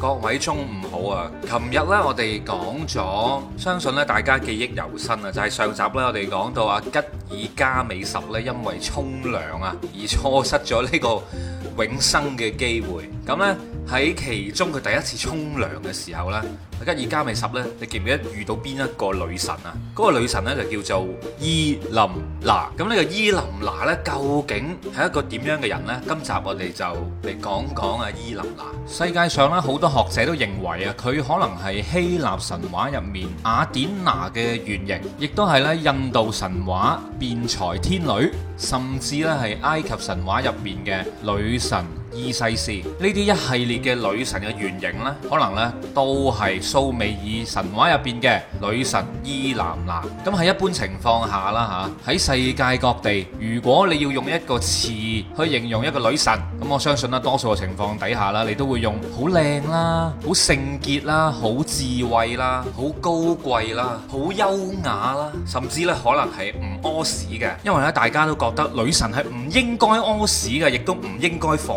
各位中午好啊！琴日咧，我哋講咗，相信咧大家記憶猶新啊，就係上集咧，我哋講到啊吉爾加美什咧，因為沖涼啊，而錯失咗呢個永生嘅機會，咁呢。喺其中佢第一次沖涼嘅時候呢，吉爾伽美什呢，你記唔記得遇到邊一個女神啊？嗰、那個女神呢，就叫做伊南娜。咁呢個伊南娜呢，究竟係一個點樣嘅人呢？今集我哋就嚟講講啊伊南娜。世界上呢，好多學者都認為啊，佢可能係希臘神話入面雅典娜嘅原型，亦都係呢印度神話辯才天女，甚至呢係埃及神話入面嘅女神。伊西斯呢啲一系列嘅女神嘅原型呢，可能呢都係蘇美爾神話入邊嘅女神伊南娜。咁喺一般情況下啦，吓喺世界各地，如果你要用一個詞去形容一個女神，咁我相信啦，多數嘅情況底下啦，你都會用好靚啦、好聖潔啦、好智慧啦、好高貴啦、好優雅啦，甚至呢可能係唔屙屎嘅，因為咧大家都覺得女神係唔應該屙屎嘅，亦都唔應該放。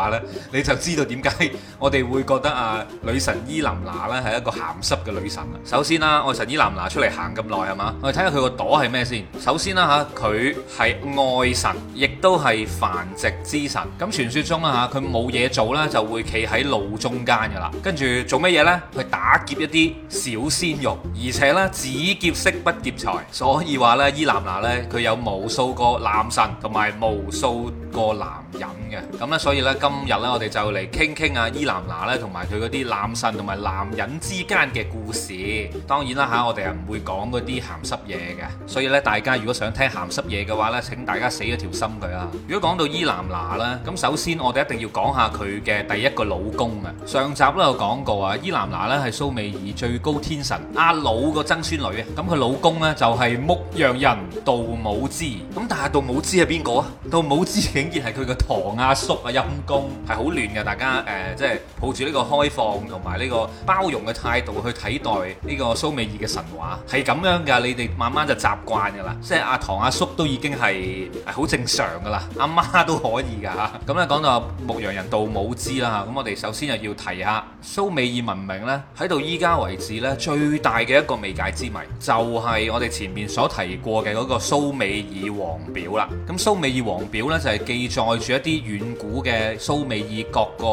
話咧，你就知道點解我哋會覺得啊女神伊南娜咧係一個鹹濕嘅女神。首先啦，愛神伊南娜出嚟行咁耐係嘛？我哋睇下佢個朵係咩先。首先啦，佢係愛神，亦都係繁殖之神。咁傳說中啊，佢冇嘢做啦，就會企喺路中間噶啦。跟住做乜嘢呢？去打劫一啲小鮮肉，而且呢，只劫色不劫財。所以話呢，伊南娜呢，佢有無數個男神同埋無數個男人嘅。咁咧，所以咧今日咧，我哋就嚟傾傾啊伊南娜咧，同埋佢嗰啲男神同埋男人之間嘅故事。當然啦吓，我哋係唔會講嗰啲鹹濕嘢嘅，所以咧，大家如果想聽鹹濕嘢嘅話咧，請大家死咗條心佢啦。如果講到伊南娜咧，咁首先我哋一定要講下佢嘅第一個老公啊。上集咧有講過啊，伊南娜咧係蘇美爾最高天神阿努個曾孫女啊。咁佢老公咧就係牧羊人杜姆茲。咁但係杜姆茲係邊個啊？杜姆茲然係佢個唐阿、啊、叔啊，陰公係好亂㗎。大家誒、呃，即係抱住呢個開放同埋呢個包容嘅態度去睇待呢個蘇美爾嘅神話，係咁樣㗎。你哋慢慢就習慣㗎啦。即係阿、啊、唐阿、啊、叔都已經係好正常㗎啦，阿、啊、媽都可以㗎嚇。咁咧講到牧羊人杜姆茲啦嚇，咁、啊、我哋首先又要提下蘇美爾文明呢，喺到依家為止呢，最大嘅一個未解之謎，就係、是、我哋前面所提過嘅嗰個蘇美爾王表啦。咁蘇美爾王表呢，就係、是。記載住一啲遠古嘅蘇美爾各個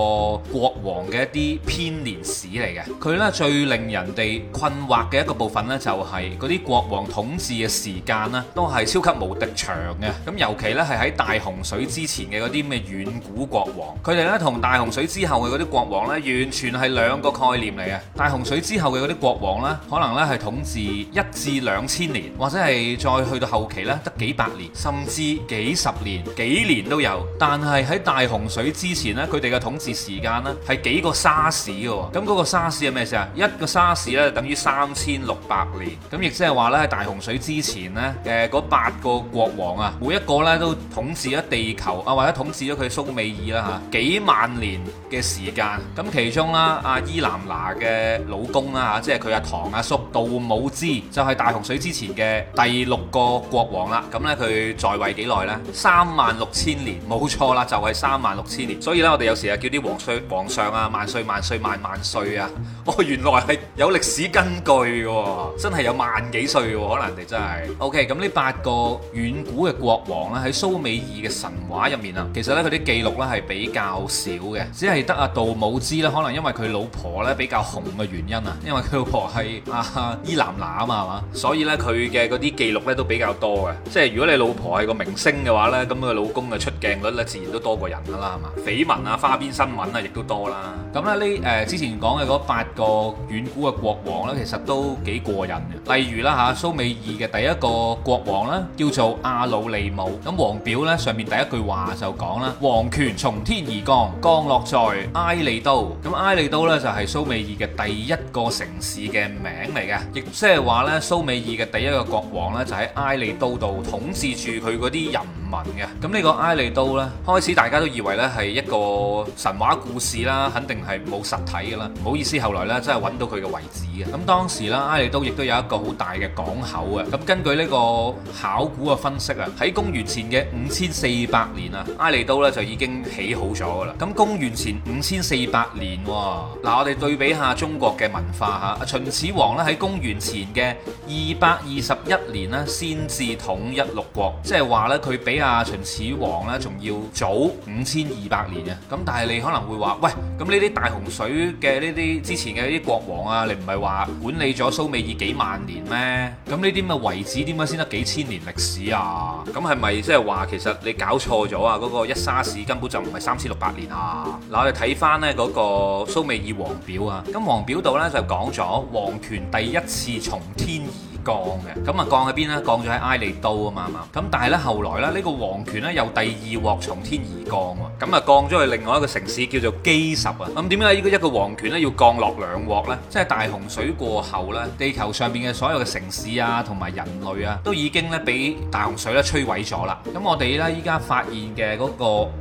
國王嘅一啲編年史嚟嘅，佢咧最令人哋困惑嘅一個部分咧，就係嗰啲國王統治嘅時間咧，都係超級無敵長嘅。咁尤其咧係喺大洪水之前嘅嗰啲咩遠古國王，佢哋咧同大洪水之後嘅嗰啲國王咧，完全係兩個概念嚟嘅。大洪水之後嘅嗰啲國王咧，可能咧係統治一至兩千年，或者係再去到後期咧得幾百年，甚至幾十年、幾年。都有，但係喺大洪水之前咧，佢哋嘅統治時間咧係幾個沙士嘅喎。咁嗰個沙士係咩意思啊？一個沙士咧等於三千六百年。咁亦即係話呢喺大洪水之前呢，誒嗰八個國王啊，每一個呢都統治咗地球啊，或者統治咗佢蘇美爾啦嚇，幾萬年嘅時間。咁其中啦，阿伊南娜嘅老公啦嚇，即係佢阿唐、阿叔杜姆之，就係、是、大洪水之前嘅第六個國王啦。咁呢，佢在位幾耐呢？三萬六千。冇錯啦，就係三萬六千年。所以咧，我哋有時啊叫啲皇上皇上啊，萬歲萬歲萬萬歲啊！哦，原來係有歷史根據喎，真係有萬幾歲喎。可能你真係 OK。咁呢八個遠古嘅國王咧，喺蘇美爾嘅神話入面啊，其實咧佢啲記錄咧係比較少嘅，只係得阿杜姆茲咧，可能因為佢老婆咧比較紅嘅原因啊，因為佢老婆係阿、啊、伊南娜啊嘛，係嘛，所以咧佢嘅嗰啲記錄咧都比較多嘅。即係如果你老婆係個明星嘅話咧，咁佢老公嘅。出鏡率咧自然都多過人噶啦，係嘛？緋聞啊、花邊新聞啊，亦都多啦。咁咧呢誒之前講嘅嗰八個遠古嘅國王咧，其實都幾過癮嘅。例如啦嚇，蘇美爾嘅第一個國王啦，叫做阿魯利姆。咁王表咧上面第一句話就講啦，王權從天而降，降落在埃利都。咁埃利都咧就係蘇美爾嘅第一個城市嘅名嚟嘅，亦即係話咧蘇美爾嘅第一個國王咧就喺埃利都度統治住佢嗰啲人。文嘅咁呢個埃利都呢，開始大家都以為呢係一個神話故事啦，肯定係冇實體嘅啦。唔好意思，後來呢真係揾到佢嘅位置嘅。咁當時呢，埃利都亦都有一個好大嘅港口嘅。咁根據呢個考古嘅分析啊，喺公元前嘅五千四百年啊，埃利都呢就已經起好咗嘅啦。咁公元前五千四百年嗱，我哋對比下中國嘅文化嚇，秦始皇呢喺公元前嘅二百二十一年呢先至統一六國，即係話呢，佢比。啊，秦始皇咧，仲要早五千二百年啊！咁但係你可能會話，喂，咁呢啲大洪水嘅呢啲之前嘅啲國王啊，你唔係話管理咗蘇美爾幾萬年咩？咁呢啲咁嘅遺址點解先得幾千年歷史啊？咁係咪即係話其實你搞錯咗啊？嗰個一沙士根本就唔係三千六百年啊！嗱，我哋睇翻呢嗰個蘇美爾王表啊，咁王表度呢，就講咗王權第一次從天而降嘅，咁啊降喺邊呢？降咗喺埃利都啊嘛嘛，咁但係呢，後來咧呢？個王權咧由第二鑊從天而降，咁啊降咗去另外一個城市叫做基什啊。咁點解呢個一個王權咧要降落兩鑊呢？即係大洪水過後呢，地球上面嘅所有嘅城市啊，同埋人類啊，都已經呢，俾大洪水咧摧毀咗啦。咁我哋呢，依家發現嘅嗰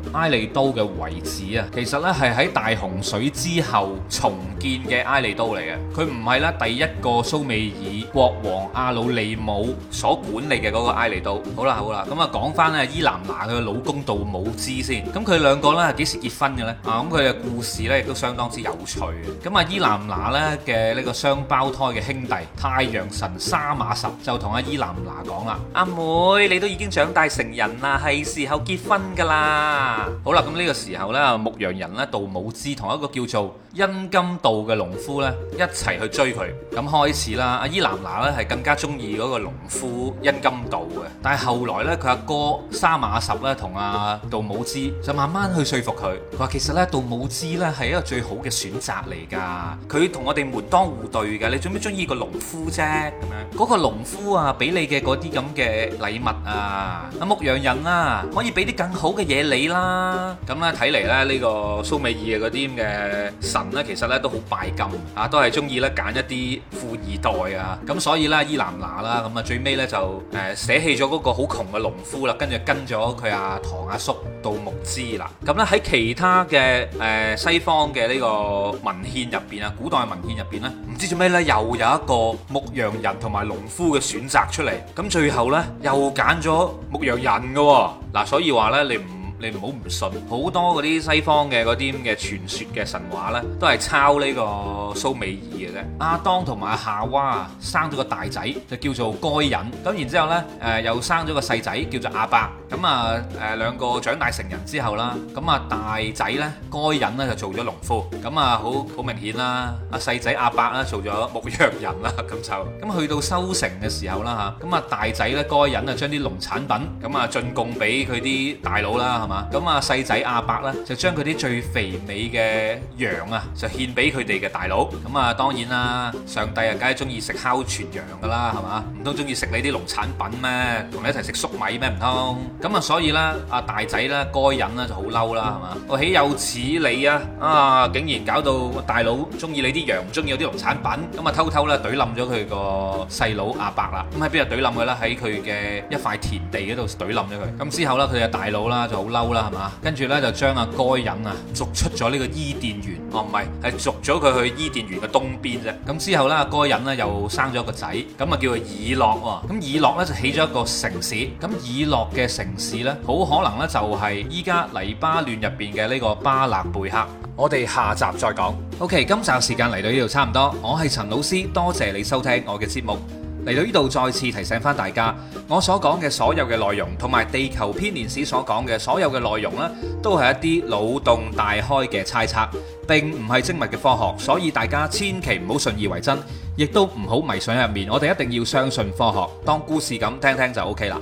個埃利都嘅遺址啊，其實呢，係喺大洪水之後重建嘅埃利都嚟嘅。佢唔係咧第一個蘇美爾國王阿魯利姆所管理嘅嗰個埃利都。好啦，好啦，咁啊講翻。阿伊南娜嘅老公杜姆茲先，咁佢兩個呢幾時結婚嘅呢？啊，咁佢嘅故事呢亦都相當之有趣。咁阿伊南娜呢嘅呢個雙胞胎嘅兄弟太陽神沙馬什就同阿伊南娜講啦：阿妹你都已經長大成人啦，係時候結婚噶啦。好啦，咁呢個時候呢，牧羊人呢杜姆茲同一個叫做恩金道嘅農夫呢一齊去追佢，咁開始啦。阿伊南娜呢係更加中意嗰個農夫恩金道嘅，但係後來呢佢阿哥。沙馬什咧同阿杜姆茲就慢慢去說服佢，佢話其實咧杜姆茲咧係一個最好嘅選擇嚟㗎，佢同我哋門當戶對㗎，你做咩中意個農夫啫，咁樣嗰個農夫啊俾你嘅嗰啲咁嘅禮物啊，阿牧羊人啊可以俾啲更好嘅嘢你啦，咁咧睇嚟咧呢個蘇美爾嘅嗰啲嘅神咧其實咧都好拜金啊，都係中意咧揀一啲富二代啊，咁所以咧伊南娜啦，咁啊最尾咧就誒捨棄咗嗰個好窮嘅農夫啦，跟住。跟咗佢阿唐阿叔到牧之啦，咁咧喺其他嘅誒西方嘅呢個文獻入邊啊，古代嘅文獻入邊咧，唔知做咩咧，又有一個牧羊人同埋農夫嘅選擇出嚟，咁最後咧又揀咗牧羊人嘅嗱，所以話咧你唔。你唔好唔信，好多嗰啲西方嘅嗰啲咁嘅傳說嘅神話咧，都係抄呢個蘇美爾嘅啫。阿當同埋夏娃生咗個大仔就叫做該隱，咁然之後咧，誒又生咗個細仔叫做阿伯，咁啊誒兩個長大成人之後啦，咁啊大仔咧該隱咧就做咗農夫，咁啊好好明顯啦。阿細仔阿伯呢做咗牧羊人啦，咁就咁去到收成嘅時候啦吓，咁啊大仔咧該隱啊將啲農產品咁啊進貢俾佢啲大佬啦。咁啊，細仔阿伯咧就將佢啲最肥美嘅羊啊，就獻俾佢哋嘅大佬。咁啊，當然啦，上帝啊，梗係中意食烤全羊噶啦，係嘛？唔通中意食你啲農產品咩？同你一齊食粟米咩？唔通？咁啊，所以呢，阿大仔呢，該隱咧就好嬲啦，係嘛？我豈有此理啊！啊，竟然搞到大佬中意你啲羊，唔中意我啲農產品，咁啊，偷偷弟弟呢，懟冧咗佢個細佬阿伯啦。咁喺邊度懟冧佢咧？喺佢嘅一塊田地嗰度懟冧咗佢。咁之後呢，佢嘅大佬啦就好嬲啦，係嘛？跟住呢，就將阿該隱啊逐出咗呢個伊甸園，哦唔係，係逐咗佢去伊甸園嘅東邊啫。咁之後呢，阿該隱咧又生咗個仔，咁啊叫做以諾。咁以諾呢，就起咗一個城市。咁以諾嘅城市呢，好可能呢，就係依家黎巴嫩入邊嘅呢個巴勒貝克。我哋下集再講。OK，今集時間嚟到呢度差唔多，我係陳老師，多謝你收聽我嘅節目。嚟到呢度，再次提醒翻大家，我所講嘅所有嘅內容，同埋地球編年史所講嘅所有嘅內容呢，都係一啲腦洞大開嘅猜測，並唔係精密嘅科學，所以大家千祈唔好信以為真，亦都唔好迷信入面。我哋一定要相信科學，當故事咁聽聽就 OK 啦。